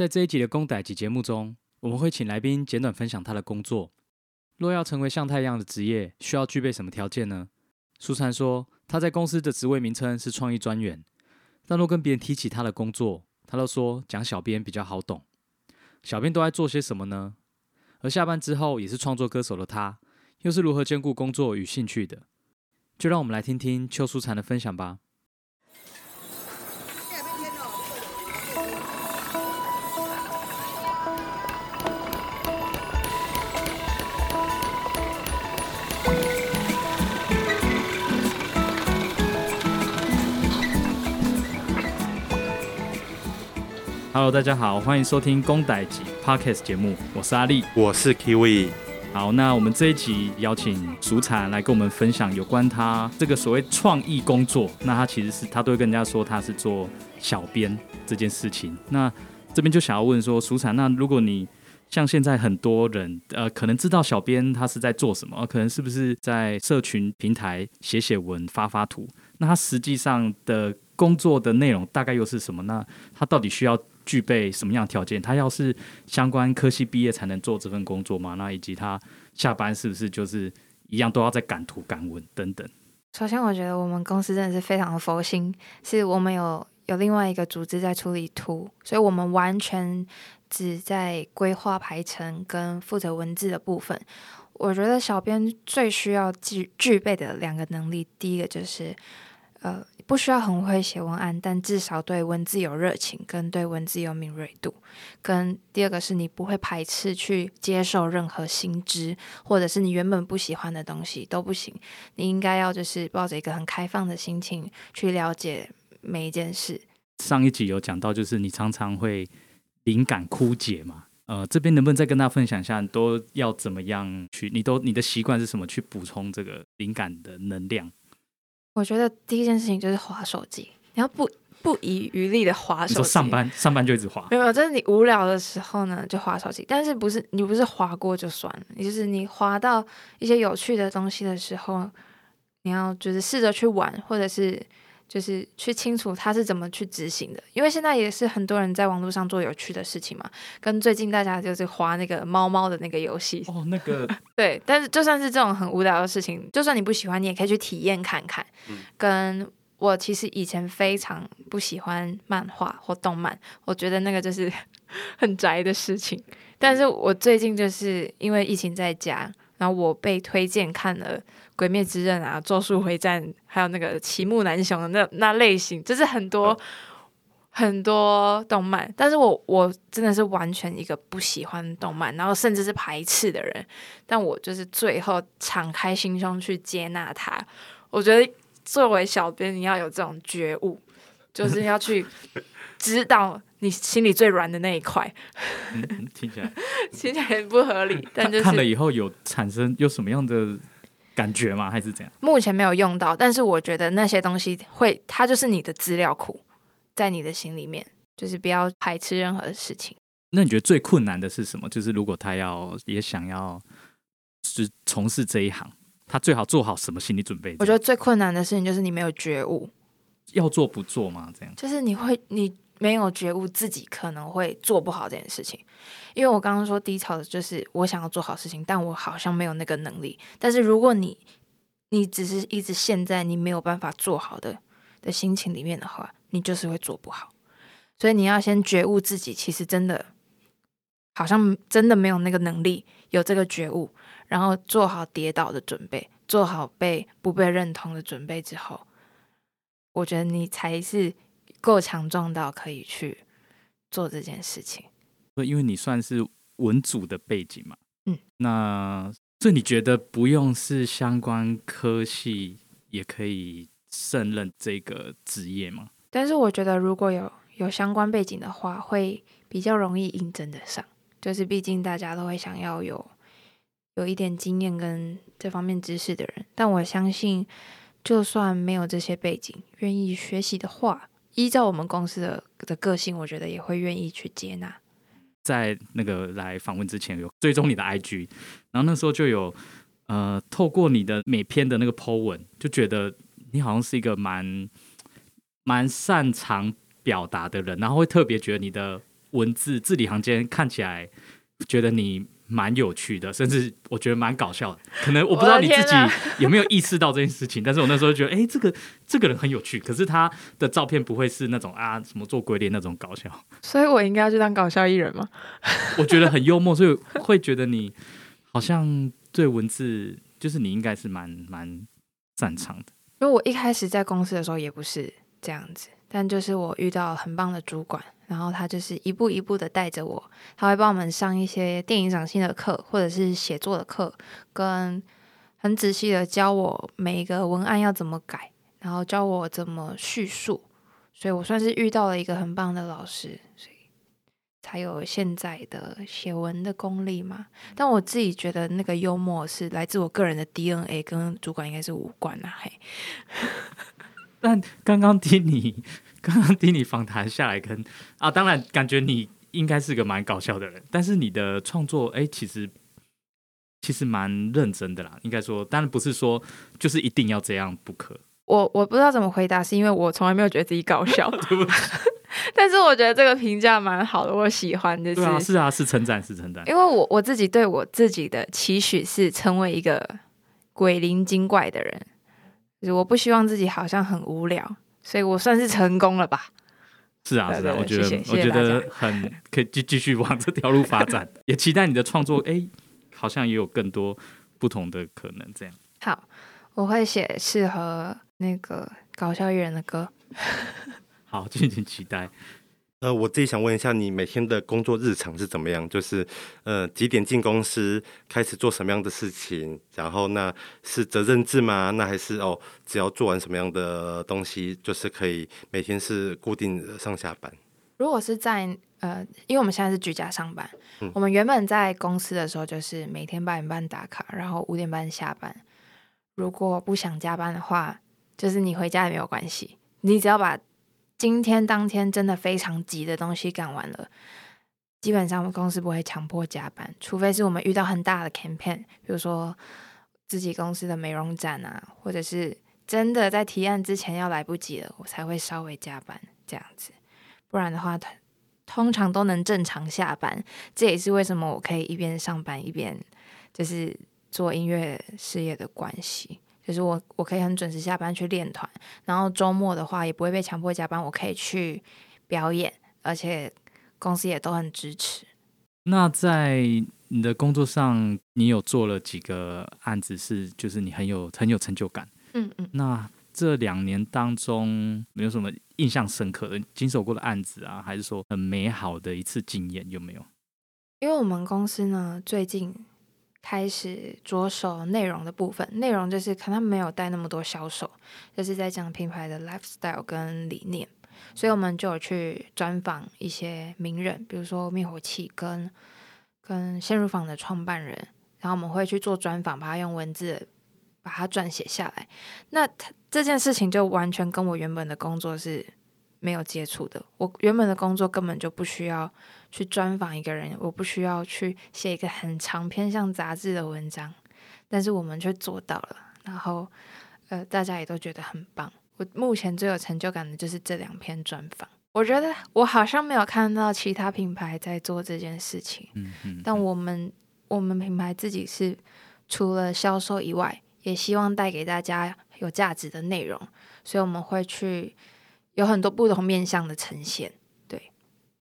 在這一集的工代誌節目中，我們會請來賓簡短分享他的工作。若要成為像他一樣的職業，需要具備什麼條件呢？淑蟬說，他在公司的職位名稱是創意專員，但若跟別人提起他的工作，他都說講小編比較好懂。小編都愛做些什麼呢？而下班之後也是創作歌手的他，又是如何兼顧工作與興趣的？就讓我們來聽聽邱淑蟬的分享吧。Hello，大家好，歡迎收聽《工代誌》Podcast 節目，我是阿力，我是 Kiwi。好，那我們這一集邀請淑蟬來跟我們分享有關他這個所謂創意工作。那他其實是他都會跟人家說他是做小編這件事情。那這邊就想要問說，淑蟬，那如果你像現在很多人，呃，可能知道小編他是在做什麼，可能是不是在社群平台寫寫文、發發圖？那他實際上的工作的內容大概又是什麼呢？他到底需要？具備什麼樣的條件？他要是相關科系畢業才能做這份工作嗎？那以及他下班是不是就是一樣都要在趕圖趕文等等？首先，我覺得我們公司真的是非常的佛心，是我們有有另外一個組織在處理圖，所以我們完全只在規劃排程跟負責文字的部分。我覺得小編最需要具具備的兩個能力，第一個就是。呃，不需要很會寫文案，但至少對文字有熱情，跟對文字有敏銳度。跟第二個是，你不會排斥去接受任何新知，或者是你原本不喜歡的東西都不行。你應該要就是抱着一個很開放的心情去了解每一件事。上一集有講到，就是你常常會靈感枯竭嘛？呃，這邊能不能再跟大家分享一下，你都要怎麼樣去？你都你的習慣是什麼？去補充這個靈感的能量。我覺得第一件事情就是滑手機，你要不不遺餘力的滑手機。你說上班上班就一直滑，沒有，就是你無聊的時候呢，就滑手機。但是不是你不是滑過就算了，也就是你滑到一些有趣的東西的時候，你要就是試着去玩，或者是。就是去清楚他是怎麼去執行的，因為現在也是很多人在網絡上做有趣的事情嘛，跟最近大家就是滑那個貓貓的那個遊戲哦，那個 對，但是就算是這種很無聊的事情，就算你不喜歡，你也可以去體驗看看。嗯、跟我其實以前非常不喜歡漫畫或動漫，我覺得那個就是很宅的事情。但是我最近就是因為疫情在家。然後我被推薦看了《鬼滅之刃》啊、《咒術迴戰》，還有那個《齊木楠雄》的那那類型，就是很多、嗯、很多動漫。但是我我真的是完全一個不喜歡動漫，然後甚至是排斥的人。但我就是最後敞開心胸去接納它。我覺得作為小編，你要有這種覺悟。就是要去知道你心裡最軟的那一塊，嗯嗯，聽起來 聽起來不合理，但、就是、看，看了以後有產生有什麼樣的感覺嗎？還是怎樣？目前沒有用到，但是我覺得那些東西會，它就是你的資料庫，在你的心裡面，就是不要排斥任何的事情。那你覺得最困難的是什麼？就是如果他要也想要就是從事這一行，他最好做好什麼心理準備？我覺得最困難的事情就是你沒有覺悟。要做不做嗎？這樣就是你會，你沒有覺悟，自己可能會做不好這件事情。因為我剛剛說低潮的，就是我想要做好事情，但我好像沒有那個能力。但是如果你，你只是一直陷在你沒有辦法做好的的心情裡面的話，你就是會做不好。所以你要先覺悟自己，其實真的好像真的沒有那個能力，有這個覺悟，然後做好跌倒的準備，做好被不被認同的準備之後。我覺得你才是夠強壯到可以去做這件事情。因為你算是文組的背景嘛，嗯，那所以你覺得不用是相關科系也可以勝任這個職業嗎？但是我覺得如果有有相關背景的話，會比較容易應徵得上。就是畢竟大家都會想要有有一點經驗跟這方面知識的人，但我相信。就算沒有這些背景，願意學習的話，依照我們公司的的個性，我覺得也會願意去接納。在那個來訪問之前，有追蹤你的 IG，然後那時候就有呃，透過你的每篇的那個 po 文，就覺得你好像是一個蠻蠻擅長表達的人，然後會特別覺得你的文字字裡行間看起來，覺得你。蠻有趣的，甚至我覺得蠻搞笑的。可能我不知道你自己有沒有意識到這件事情， 但是我那時候就覺得，哎、欸，這個這個人很有趣。可是他的照片不會是那種啊，什麼做鬼臉那種搞笑。所以我應該要去當搞笑藝人嗎？ 我覺得很幽默，所以會覺得你好像對文字，就是你應該是蠻蠻擅長的。因為我一開始在公司的時候也不是這樣子，但就是我遇到很棒的主管。然後他就是一步一步的帶着我，他會幫我們上一些電影賞析的課，或者是寫作的課，跟很仔細的教我每一個文案要怎麼改，然後教我怎麼敘述，所以我算是遇到了一個很棒的老師，所以才有現在的寫文的功力嘛。但我自己覺得那個幽默是來自我個人的 DNA，跟主管應該是無關啦、啊、嘿。但剛剛聽你。剛剛聽你訪談下來跟，跟啊，當然感覺你應該是個蠻搞笑的人，但是你的創作哎，其實其實蠻認真的啦，應該說，當然不是說就是一定要這樣不可。我我不知道怎麼回答，是因為我從來沒有覺得自己搞笑，對不對？但是我覺得這個評價蠻好的，我喜歡的是。對啊，是啊，是稱讚，是稱讚。因為我我自己對我自己的期許是成為一個鬼靈精怪的人，就是我不希望自己好像很無聊。所以我算是成功了吧？是啊，是啊，我覺得，謝謝謝謝，我覺得很可以繼繼續往這條路發展， 也期待你的創作。哎、欸，好像也有更多不同的可能，這樣。好，我會寫適合那個搞笑藝人的歌。好，敬請期待。 呃，我自己想問一下，你每天的工作日常是怎麼樣？就是，呃，幾點進公司，開始做什麼樣的事情？然後，那是責任制嗎？那還是哦，只要做完什麼樣的東西，就是可以每天是固定上下班？如果是在呃，因為我們現在是居家上班，嗯，我們原本在公司的時候，就是每天八點半打卡，然後五點半下班。如果不想加班的話，就是你回家也沒有關係，你只要把。今天當天真的非常急的東西趕完了，基本上我們公司不會強迫加班，除非是我們遇到很大的 campaign，比如說自己公司的美容展啊，或者是真的在提案之前要來不及了，我才會稍微加班這樣子，不然的話通常都能正常下班。這也是為什麼我可以一邊上班一邊就是做音樂事業的關係。其實我，我可以很準時下班去練團，然後週末的話也不會被強迫加班，我可以去表演，而且公司也都很支持。那在你的工作上，你有做了幾個案子是，就是你很有很有成就感？嗯嗯。那這兩年當中，沒有什麼印象深刻的經手過的案子啊，還是說很美好的一次經驗有沒有？因為我們公司呢，最近。開始着手內容的部分，內容就是可能沒有帶那麼多銷售，就是在講品牌的 lifestyle 跟理念，所以我們就有去專訪一些名人，比如說滅火器跟跟鮮乳坊的創辦人，然後我們會去做專訪，把他用文字把它撰寫下來，那這件事情就完全跟我原本的工作是。沒有接觸的，我原本的工作根本就不需要去專訪一個人，我不需要去寫一個很長篇像雜誌的文章，但是我們卻做到了，然後呃，大家也都覺得很棒。我目前最有成就感的就是這兩篇專訪，我覺得我好像沒有看到其他品牌在做這件事情，嗯哼。但我們我們品牌自己是除了銷售以外，也希望帶給大家有價值的內容，所以我們會去。有很多不同面向的呈現，對。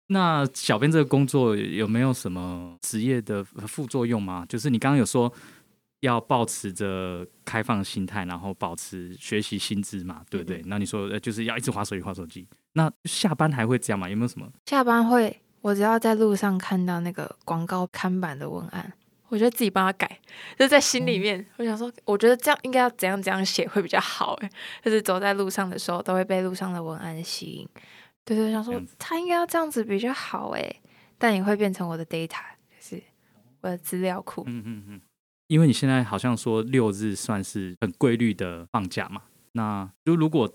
那小編這個工作有沒有什麼職業的副作用嗎？就是你剛剛有說要保持着開放心態，然後保持學習新知嘛，對不對，對？嗯、那你說就是要一直滑手機，滑手機。那下班還會這樣嗎？有沒有什麼？下班會，我只要在路上看到那個廣告看板的文案，我覺得自己幫他改，就是、在心裡面。嗯、我想說，我覺得這樣應該要怎樣怎樣寫會比較好、欸。哎，就是走在路上的時候，都會被路上的文案吸引。對對，想說他應該要這樣子比較好、欸。哎，但也會變成我的 data，就是我的資料庫、嗯。嗯嗯嗯。因為你現在好像說六日算是很規律的放假嘛，那就如果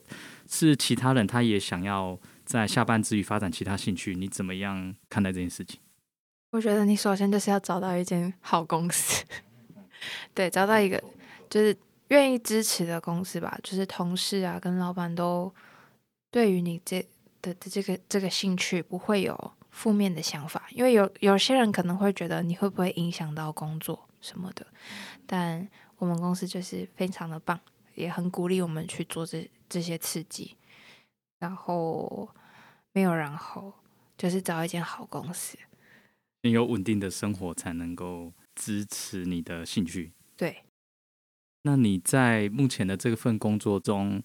是其他人，他也想要在下班之餘發展其他興趣，嗯、你怎麼樣看待這件事情？我覺得你首先就是要找到一間好公司， 對，找到一個就是願意支持的公司吧，就是同事啊跟老板都對於你這的，的這個這個興趣不會有負面的想法，因為有有些人可能會覺得你會不會影響到工作什麼的，但我們公司就是非常的棒，也很鼓勵我們去做這這些刺激，然後沒有然後，就是找一間好公司。你有穩定的生活才能夠支持你的興趣。對，那你在目前的這份工作中，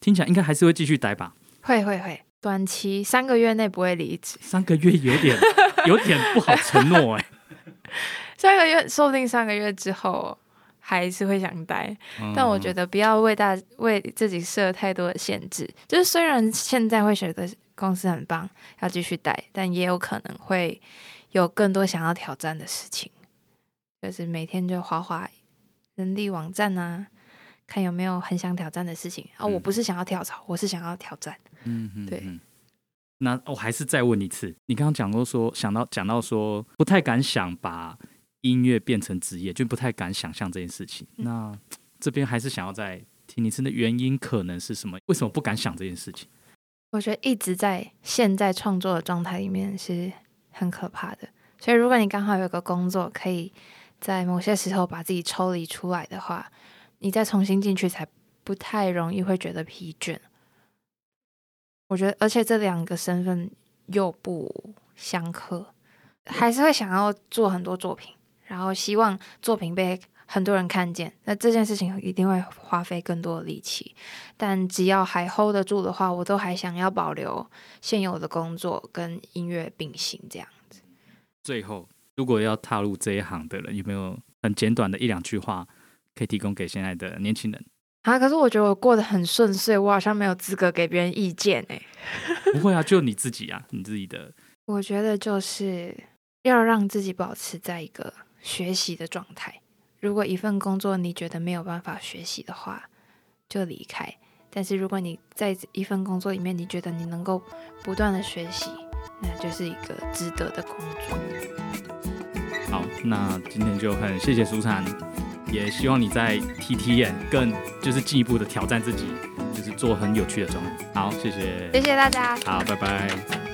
聽起來應該還是會繼續待吧？會會會，短期三個月內不會離職。三個月有點 有點不好承諾哎、欸。三個月說不定三個月之後還是會想待，嗯、但我覺得不要為大為自己設太多的限制。就是雖然現在會覺得公司很棒，要繼續待，但也有可能會。有更多想要挑戰的事情，就是每天就滑滑人力網站啊，看有沒有很想挑戰的事情啊。哦嗯、我不是想要跳槽，嗯、我是想要挑戰。嗯嗯，對。嗯、那我還是再問一次，你剛剛講過說，想到講到說，不太敢想把音樂變成職業，就不太敢想象這件事情。嗯、那這邊還是想要再聽你真的原因可能是什麼？為什麼不敢想這件事情？我覺得一直在現在創作的狀態裡面是。很可怕的，所以如果你剛好有個工作，可以在某些時候把自己抽離出來的話，你再重新進去才不太容易會覺得疲倦。我覺得，而且這兩個身份又不相克，還是會想要做很多作品，然後希望作品被。很多人看見那這件事情，一定會花費更多的力氣。但只要還 hold 得住的話，我都還想要保留現有的工作跟音樂並行這樣子。最後，如果要踏入這一行的人，有沒有很簡短的一兩句話可以提供給現在的年輕人？啊，可是我覺得我過得很順遂，我好像沒有資格給別人意見、欸、 不會啊，就你自己啊，你自己的。我覺得就是要讓自己保持在一個學習的狀態。如果一份工作你覺得沒有辦法學習的話，就離開。但是如果你在一份工作裡面，你覺得你能夠不斷的學習，那就是一個值得的工作。好，那今天就很謝謝淑蟬，也希望你在體體驗更就是進一步的挑戰自己，就是做很有趣的綜藝。好，謝謝，謝謝大家，好，拜拜。